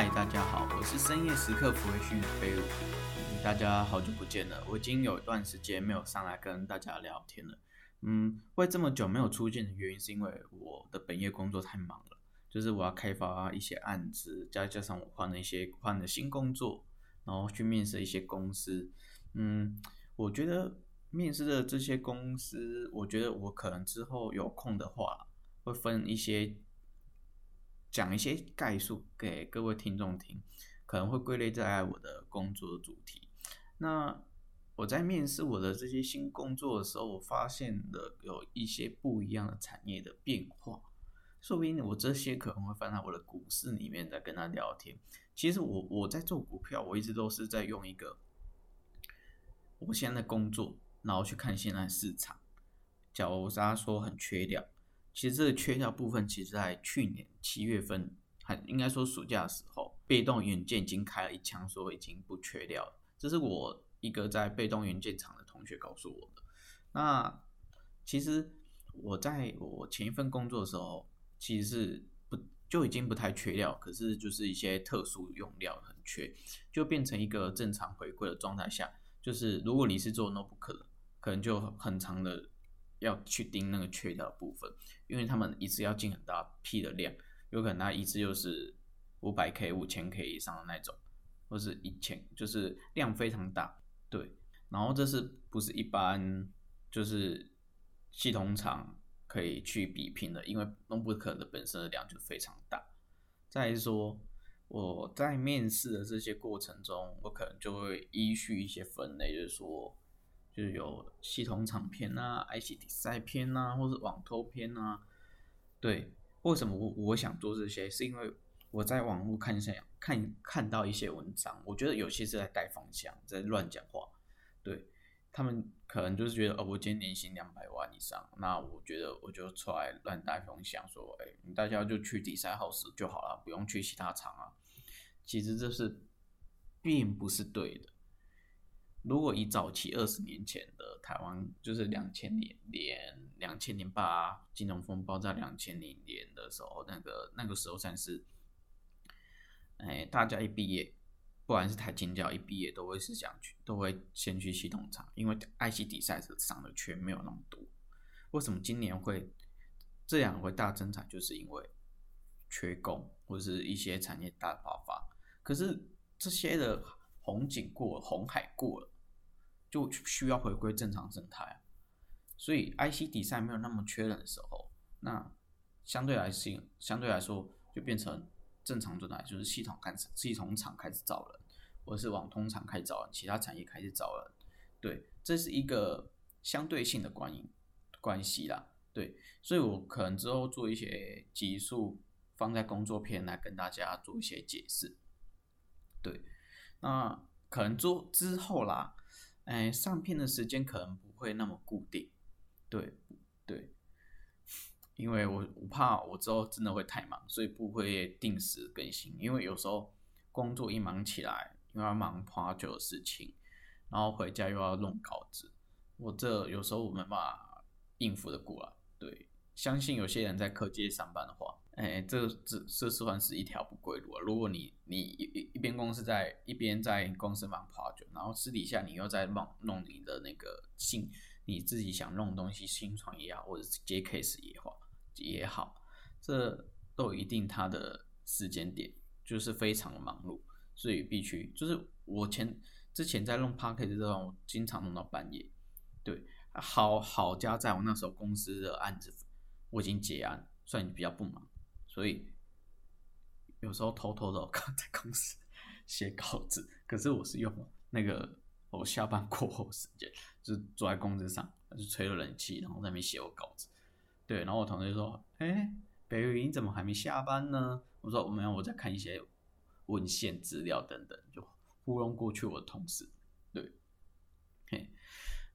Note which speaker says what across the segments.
Speaker 1: 嗨，大家好，我是深夜時刻撫慰心靈，嗯。大家好久不見了，我已經有一段時間沒有上來跟大家聊天了。嗯，為這麼久沒有出現的原因，是因為我的本業工作太忙了，就是我要開發一些案子，再加上我換了一些換了新工作，然後去面試一些公司。嗯，我覺得面試的這些公司，我覺得我可能之後有空的話，會分一些。講一些概述給各位聽眾聽，可能會歸類在我的工作的主題。那我在面試我的這些新工作的時候，我發現了有一些不一樣的產業的變化，說不定我這些可能會放在我的股市裡面在跟他聊天。其實我我在做股票，我一直都是在用一個我現在工作，然後去看現在市場。假如大家說很缺掉。其實這個缺料部分，其實在去年七月份，還應該說暑假的時候，被動元件已經開了一槍，說已經不缺料了。這是我一個在被動元件廠的同學告訴我的。那其實我在我前一份工作的時候，其實是不就已經不太缺料，可是就是一些特殊用料很缺，就變成一個正常回歸的狀態下，就是如果你是做 notebook，可能就很長的。要去盯那個缺的部分，因為他們一次要進很大批的量，有可能他一次就是五百 K、五千 K 以上的那種，或是一千，就是量非常大，對。然後這是不是一般就是系統廠可以去比拼的？因為弄不可的本身的量就非常大。再來說我在面試的這些過程中，我可能就會依序一些分類，就是說。就是有系統場片吶，IT 賽片吶、啊，或是網投片吶、啊，對。為什麼我我想做這些？是因為我在網絡看一下，看看到一些文章，我覺得有些是在帶方向，在亂講話。對他們可能就是覺得，哦、呃，我今年薪兩百萬以上，那我覺得我就出來亂帶風向，說，哎、欸，大家就去底賽 house 就好了，不用去其他場啊。其實這是並不是對的。如果以早期二十年前的台灣，就是兩千年2000年兩千年八金融風暴在兩千年年的時候，那個那個時候算是，哎，大家一畢業，不管是台清交一畢業，都會是想去，都會先去系統廠，因為 IC design 上的缺沒有那麼多。為什麼今年會這樣會大增長，就是因為缺工或者是一些產業大爆發。可是這些的。紅景過了，紅海過了，就需要回歸正常狀態。所以 IC design 沒有那麼缺人的時候，那相對來性，相對來說就變成正常狀態，就是系統開始，系統廠開始招人，或者是網通廠開始招人，其他產業開始招人。對，這是一個相對性的關關係啦。對，所以我可能之後做一些集數放在工作片來跟大家做一些解釋。對。那可能之之後啦，哎、欸，上片的時間可能不會那麼固定，對，對，因為我我怕我之後真的會太忙，所以不會定時更新。因為有時候工作一忙起來，又要忙花就有事情，然後回家又要弄稿子，我這有時候我們吧應付的過來，對，相信有些人在科技業上班的話。哎、欸，這這這算是一條不歸路啊。如果你你一一邊公司在一邊在公司忙 project，然後私底下你又在弄弄你的那個新你自己想弄東西新創業啊，或者接 case 也好也好，這都一定他的時間點就是非常的忙碌，所以必須就是我前之前在弄 project 的時候，我經常弄到半夜。對，好好家在我那時候公司的案子我已經結案，算你比較不忙。所以有時候偷偷的，我剛在公司寫稿子，可是我是用那個我下班過後時間，就是坐在工資上，就吹了冷氣，然後在那邊寫我稿子。對，然後我同事說：“哎、欸，Barry，你怎麼還沒下班呢？”我說：“我沒有，我在看一些文獻資料等等，就糊弄過去。”我的同事對，嘿，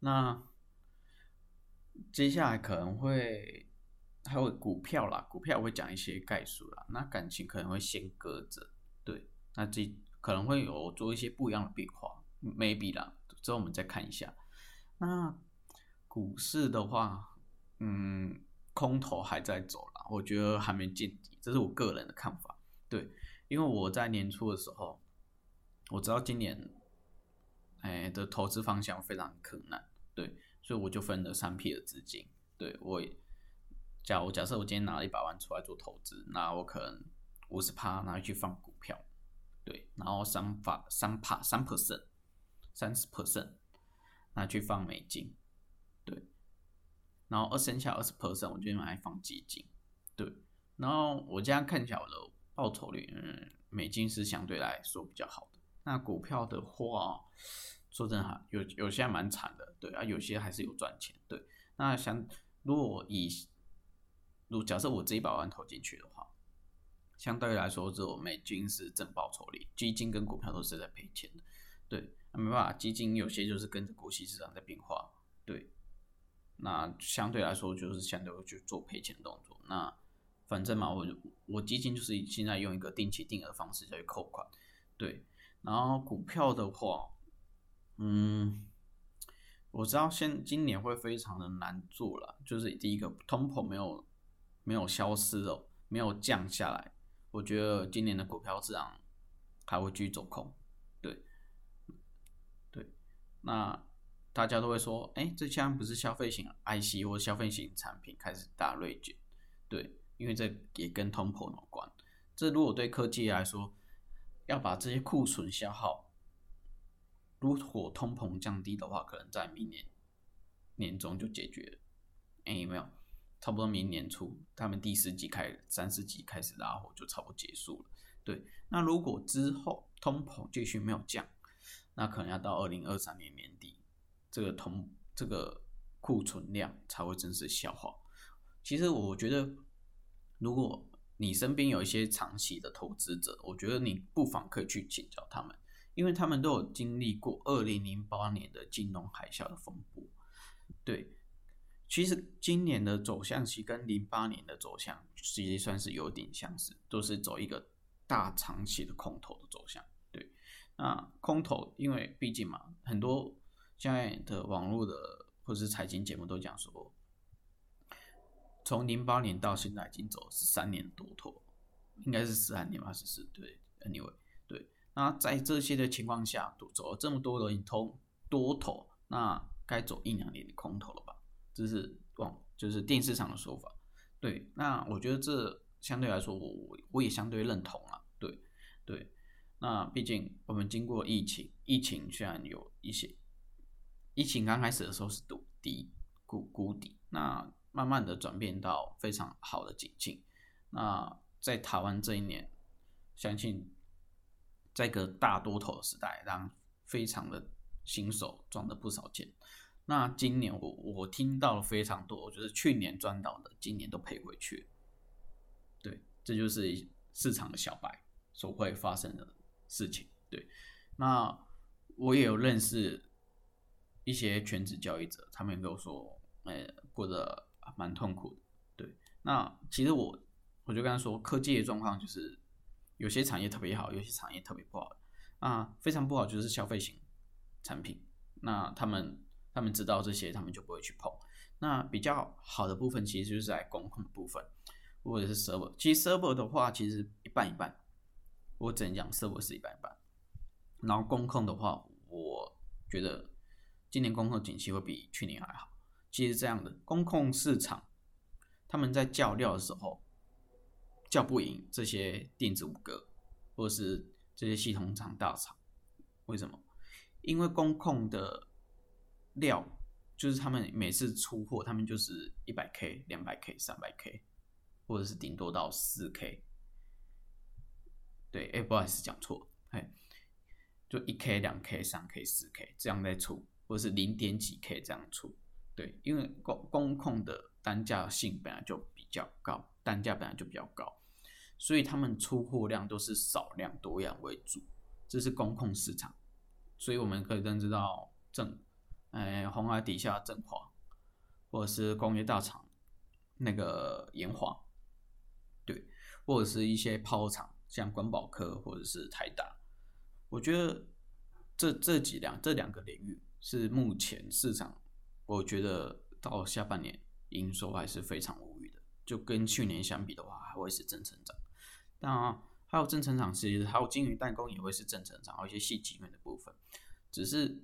Speaker 1: 那接下來可能會。還有股票啦，股票我會講一些概述啦。那感情可能會先擱着，對，那這可能會有做一些不一樣的變化，maybe 啦，之後我們再看一下。那股市的話，嗯，空頭還在走啦，我覺得還沒見底，這是我個人的看法，對，因為我在年初的時候，我知道今年，哎、欸，的投資方向非常困難，對，所以我就分了三批的資金，對，我也。假如我假設我今天拿了一百萬出來做投資，那我可能五十趴拿去放股票，對，然後三趴三趴三 percent，三十 percent 拿去放美金，對，然後二剩下二十 percent 我就用來放基金，對，然後我這樣看起來我的報酬率，嗯，美金是相對來說比較好的。那股票的話，說真的哈，有有些蠻慘的，對啊，有些還是有賺錢，對。那想如果以如假設我這一百萬投進去的話，相對來說，這我基金是正報酬率，基金跟股票都是在賠錢的。對，沒辦法，基金有些就是跟着股息市場在變化。對，那相對來說就是相對會去做賠錢動作。那反正嘛，我我基金就是現在用一個定期定額的方式在去扣款。對，然後股票的話，嗯，我知道現今年會非常的難做了，就是第一個通膨沒有。沒有消失哦，沒有降下來。我覺得今年的股票市場還會繼續走空，對，對。那大家都會說，哎，這將不是消費型 IC 或消費型產品開始大銳減，對，因為這也跟通膨有關。這如果對科技來說，要把這些庫存消耗，如果通膨降低的話，可能在明年年中就解決了。哎，有沒有。差不多明年初，他們第十季開始，三十集開始拉火就差不多結束了。對，那如果之後通膨繼續沒有降，那可能要到二零二三年年底，這個銅這個庫存量才會正式消化。其實我覺得，如果你身邊有一些長期的投資者，我覺得你不妨可以去請教他們，因為他們都有經歷過二零零八年的金融海嘯的風波。對。其實今年的走向其實跟零八年的走向其實算是有點相似，都、就是走一個大長期的空頭的走向。對，那空頭，因為畢竟嘛，很多現在的網絡的或者是財經節目都講說，從零八年到現在已經走了十三年多頭，應該是十三年吧，十四對，Anyway，對。那在這些的情況下，走這麼多的通多頭，那該走一兩年的空頭了。這是往，就是電視上的說法，對。那我覺得這相對來說，我我也相對認同啊，對，對。那畢竟我們經過疫情，疫情雖然有一些，疫情剛開始的時候是谷底，谷谷底，那慢慢的轉變到非常好的景氣。那在台灣這一年，相信在一個大多頭的時代，讓非常的新手賺了不少錢。那今年我我聽到了非常多，我覺得去年賺到的，今年都賠回去。對，這就是市場的小白所會發生的事情。對，那我也有認識一些全職交易者，他們都說，呃、欸，過得蠻痛苦的。對，那其實我我就跟他說，科技的狀況就是有些產業特別好，有些產業特別不好。那非常不好就是消費型產品，那他們。他們知道這些，他們就不會去碰。那比較好的部分，其實就是在工控的部分，或者是 server。其實 server 的話，其實一半一半。我只能講 server 是一半一半。然後工控的話，我覺得今年工控景氣會比去年還好。其實這樣的工控市場，他們在叫料的時候叫不贏這些電子五哥，或者是這些系統廠大廠。為什麼？因為工控的。料就是他們每次出貨，他們就是一百 K、兩百 K、三百 K，或者是頂多到四 K。對，哎、欸，不好意思講錯了，哎，就一 K、兩 K、三 K、四 K 這樣來出，或者是零點幾 K 這樣出。對，因為工工控的單價性本來就比較高，單價本來就比較高，所以他們出貨量都是少量多樣為主，這是工控市場。所以我們可以認知到正。哎，鴻海底下振華，或者是工業大廠，那個研華，對，或者是一些 Power 廠，像光寶科或者是台達，我覺得這這幾兩這兩個領域是目前市場，我覺得到下半年營收還是非常無虞的，就跟去年相比的話，還會是正成長。當然、啊，還有正成長，其實還有晶圓代工也會是正成長，還有一些細節的部分，只是。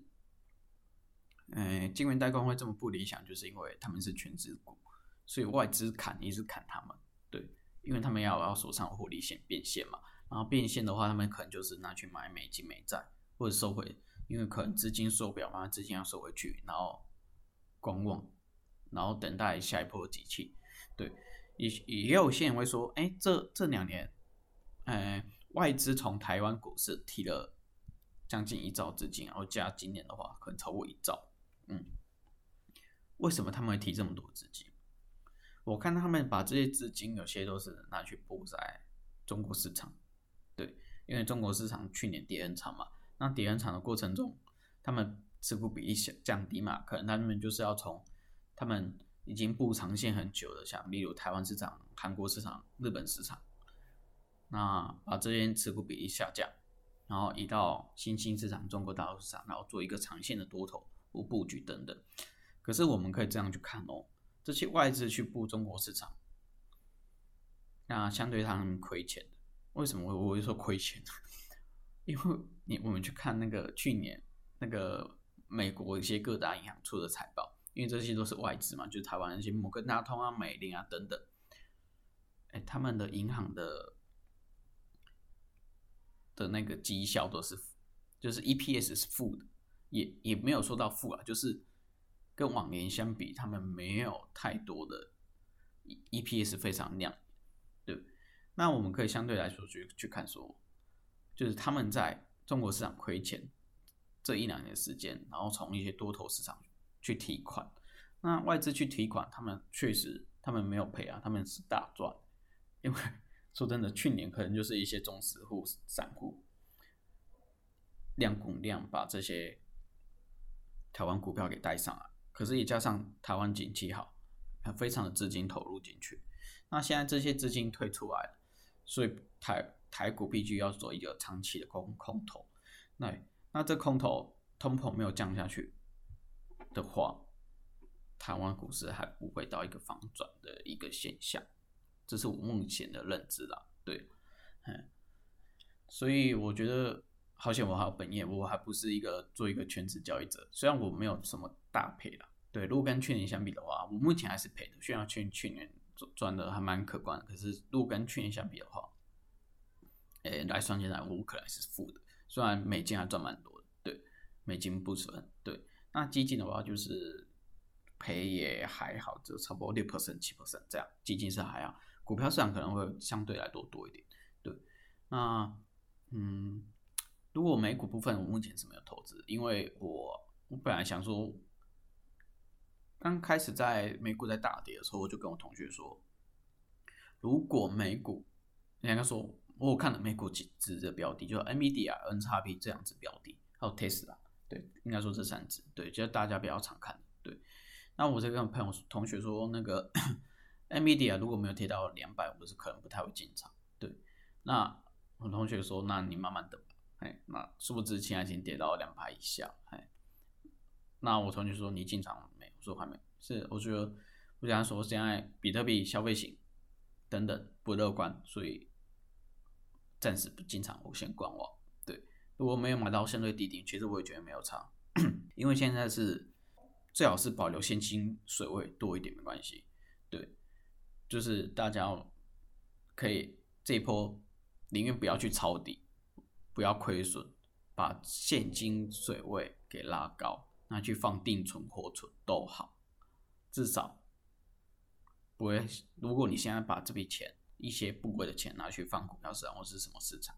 Speaker 1: 呃，晶圓、欸、代工會這麼不理想，就是因為他們是權值股，所以外資砍一直砍他們。對，因為他們要要手上獲利線變現嘛，然後變現的話，他們可能就是拿去買美金美債，或者收回，因為可能資金受不了嘛，資金要收回去，然後觀望，然後等待下一波的機器。對，也也有些人會說，哎、欸，這這兩年，呃、欸，外資從台灣股市提了將近一兆資金，然後加今年的話，可能超過一兆。嗯，為什麼他們會提這麼多資金？我看他們把這些資金，有些都是拿去布在中國市場，對，因為中國市場去年跌很慘嘛，那跌很慘的過程中，他們持股比例下降低嘛，可能他們就是要從他們已經布長線很久的，像例如台灣市場、韓國市場、日本市場，那把這些持股比例下降，然後移到新興市場、中國大陸市場，然後做一個長線的多頭。不布局，等等，可是我們可以這樣去看哦，這些外資去布中國市場，那相對他們虧錢，為什麼我我會說虧錢？因為你我們去看那個去年那個美國一些各大銀行出的財報，因為這些都是外資嘛，就是台灣那些摩根大通啊、美林啊、等等，哎、欸，他們的銀行的的那個績效都是就是 E P S 是負的。也也沒有說到負啊，就是跟往年相比，他們沒有太多的 EPS 非常亮，對，那我們可以相對來說去去看說，說就是他們在中國市場虧錢這一兩年的時間，然後從一些多頭市場去提款。那外資去提款，他們確實他們沒有賠啊，他們是大賺。因為說真的，去年可能就是一些中實戶散戶量控量把這些。台灣股票給帶上了，可是也加上台灣景氣好，還非常的資金投入進去。那現在這些資金退出來了，所以台台股必須要做一個長期的空空頭。那那這空頭通膨沒有降下去的話，台灣股市還不會到一個反轉的一個現象，這是我目前的認知啦。對，嗯，所以我覺得。好險！我還有本業，我還不是一個做一個全職交易者。雖然我沒有什麼大賠了，對。如果跟去年相比的話，我目前還是賠的。雖然去年賺賺的還蠻可觀，可是如果跟去年相比的話，誒、欸，來算起來我可能是負的。雖然美金還賺蠻多，對，美金不損，對。那基金的話就是賠也還好，只有差不多六 percent、七 percent 這樣。基金是還好，股票市場可能會相對來多多一點，對。那嗯。如果美股部分，我目前是沒有投資，因為我我本來想說，剛開始在美股在大跌的時候，我就跟我同學說，如果美股應該說，我有看了美股幾隻的標的，就是 NVIDIA NXP 這樣子標的，還有 Tesla 對，應該說這三隻，對，就是大家比較常看對。那我在跟朋友同學說，那個 NVIDIA 如果沒有跌到兩百，我是可能不太會進場，對。那我同學說，那你慢慢等。哎，那是不是之前已經跌到兩百以下？哎，那我同學說你進場沒？我說還沒。是我覺得，我想說現在比特幣、消費型等等不樂觀，所以暫時不進場，我先觀望。對，如果沒有買到相對低點，其實我也覺得沒有差， 因為現在是最好是保留現金水位多一點沒關係。對，就是大家可以這一波寧願不要去抄底。不要虧損，把現金水位給拉高，拿去放定存活存都好，至少不會。如果你現在把這筆錢，一些不貴的錢拿去放股票市場或是什麼市場，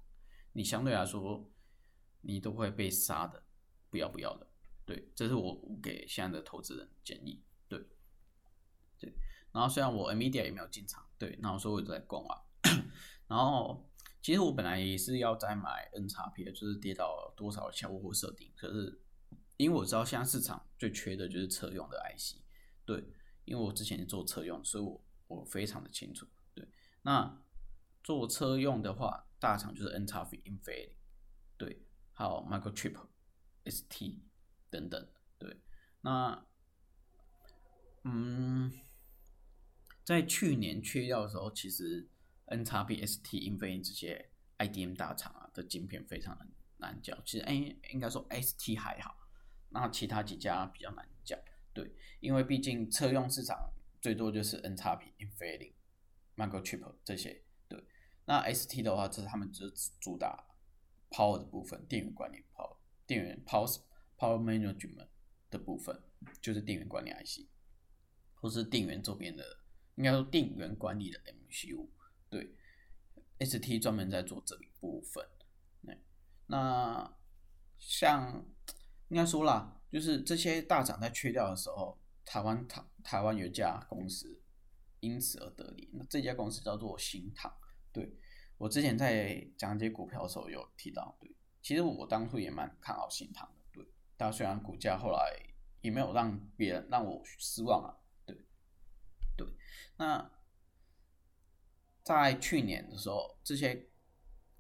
Speaker 1: 你相對來說，你都會被殺的不要不要的。對，這是我給現在的投資人建議。對，對。然後雖然我 media 也沒有進場，對，然後所以我都我在逛啊， 然後。其實我本來也是要再買 NXP 的，就是跌到多少效果或設定。可是因為我知道現在市場最缺的就是車用的 IC，對，因為我之前做車用，所以我我非常的清楚。對，那做車用的話，大廠就是 NXP、Infineon 對，還有 Microchip ST 等等，對。那嗯，在去年缺藥的時候，其實。NXP、ST、Infineon 這些 IDM 大廠啊的晶片非常的難講。其實，哎，應該說 ST 還好，那其他幾家比較難講。對，因為畢竟車用市場最多就是 NXP、Infineon、Microchip 這些。對，那 ST 的話，這是他們只主打 Power 的部分，電源管理 Power 電源 Power Power Management 的部分，就是電源管理 IC，或是電源周邊的，應該說電源管理的 MCU。對，ST 專門在做這一部分。那，像，應該說啦，就是這些大廠在缺掉的時候，台灣台台灣有一家公司因此而得利。那這家公司叫做新唐。對，我之前在講解股票的時候有提到，對，其實我當初也蠻看好新唐的。對，但雖然股價後來也沒有讓別人讓我失望了。對，對，那。在去年的時候，這些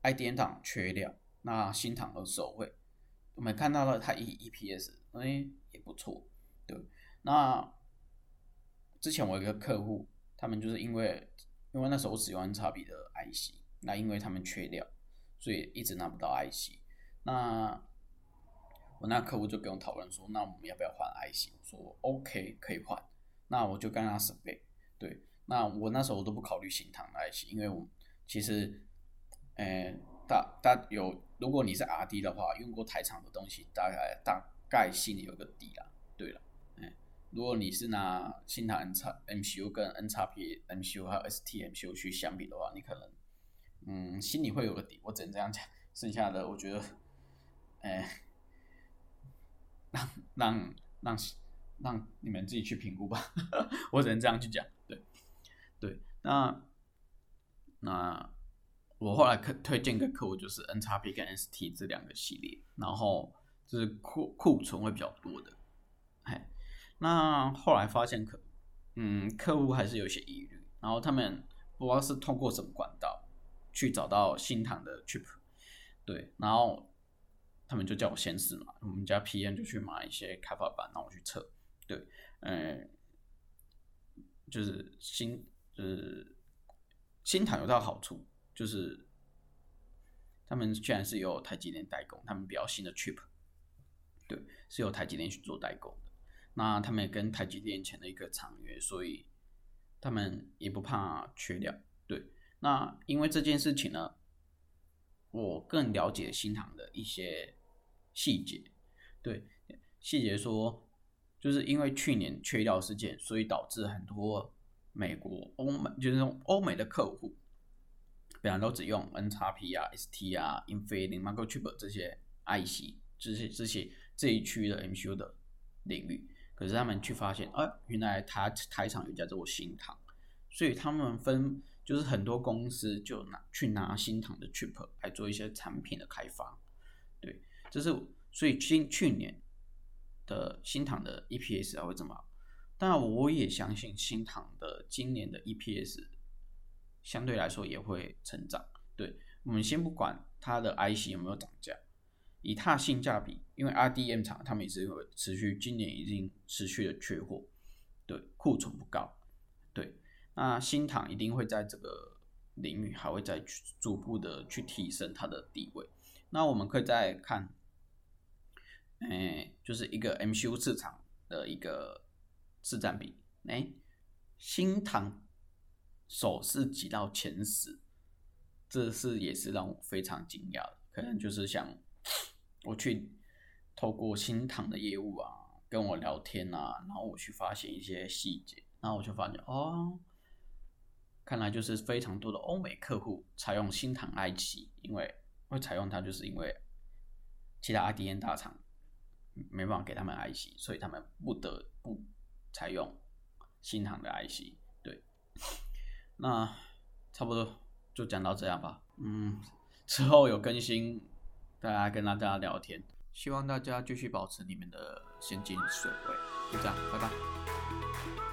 Speaker 1: IDM 廠缺料，那新糖和收匯，我們看到了它一 E, e P S 哎、欸、也不錯，對。那之前我有個客戶，他們就是因為因為那時候使用 NXP 的 I C，那因為他們缺料，所以一直拿不到 I C。那我那客戶就跟我討論說，那我們要不要換 I C？我說 OK 可以換，那我就跟他準備，對。那我那時候我都不考慮新唐的 IC，因為我其實，哎、欸，大大有，如果你是 RD 的話，用過台廠的東西，大概大概心裡有個底了。對了，嗯、欸，如果你是拿新唐 N 叉 MCU 跟 N 叉 P MCU 還有 STMCU 去相比的話，你可能嗯心裡會有個底。我只能這樣講，剩下的我覺得，欸、讓讓讓讓你們自己去評估吧， 我只能這樣去講。對，那那我後來可推薦給客戶就是 NXP 跟、n、ST 這兩個系列，然後就是庫庫存會比較多的，哎，那後來發現客嗯客戶還是有些疑慮，然後他們不知道是通過什麼管道去找到新唐的 Chip，對，然後他們就叫我先試嘛，我們家 PM 就去買一些開發板讓我去測，對，嗯、呃，就是新。是、嗯、新唐有它好處，就是他們雖然是由台積電代工，他們比較新的 chip，對，是由台積電去做代工的。那他們也跟台積電簽了一個長約，所以他們也不怕缺料。對，那因為這件事情呢，我更了解新唐的一些細節。對，細節說，就是因為去年缺料事件，所以導致很多。美國、歐美就是歐美的客戶，本來都只用 NXP 啊、ST 啊、Infineon、Microchip 這些 IC，這些這些這一區域的 MCU 的領域。可是他們去發現，哎、啊，原來他台廠有叫做新唐，所以他們分就是很多公司就拿去拿新唐的 Chip 來做一些產品的開發。對，這是所以去去年的新唐的 EPS 會怎麼那我也相信新唐的今年的 EPS 相對來說也會成長。對，我們先不管它的 IC 有沒有漲價，以它性價比，因為 RDM 廠他們也是有持續，今年已經持續的缺貨，對庫存不高，對。那新唐一定會在這個領域還會再去逐步的去提升它的地位。那我們可以再看，哎、欸，就是一個 MCU 市場的一個。市占比，哎，新唐首次擠到前十，這是也是讓我非常驚訝的。可能就是想我去透過新唐的業務啊，跟我聊天啊，然後我去發現一些細節，然後我就發現哦，看來就是非常多的歐美客戶採用新唐 IC，因為會採用它，就是因為其他 IDM 大廠沒辦法給他們 IC，所以他們不得不。採用新唐的 IC，對，那差不多就講到這樣吧。嗯，之後有更新，再來跟大家聊天。希望大家繼續保持你們的現金水位。就這樣，拜拜。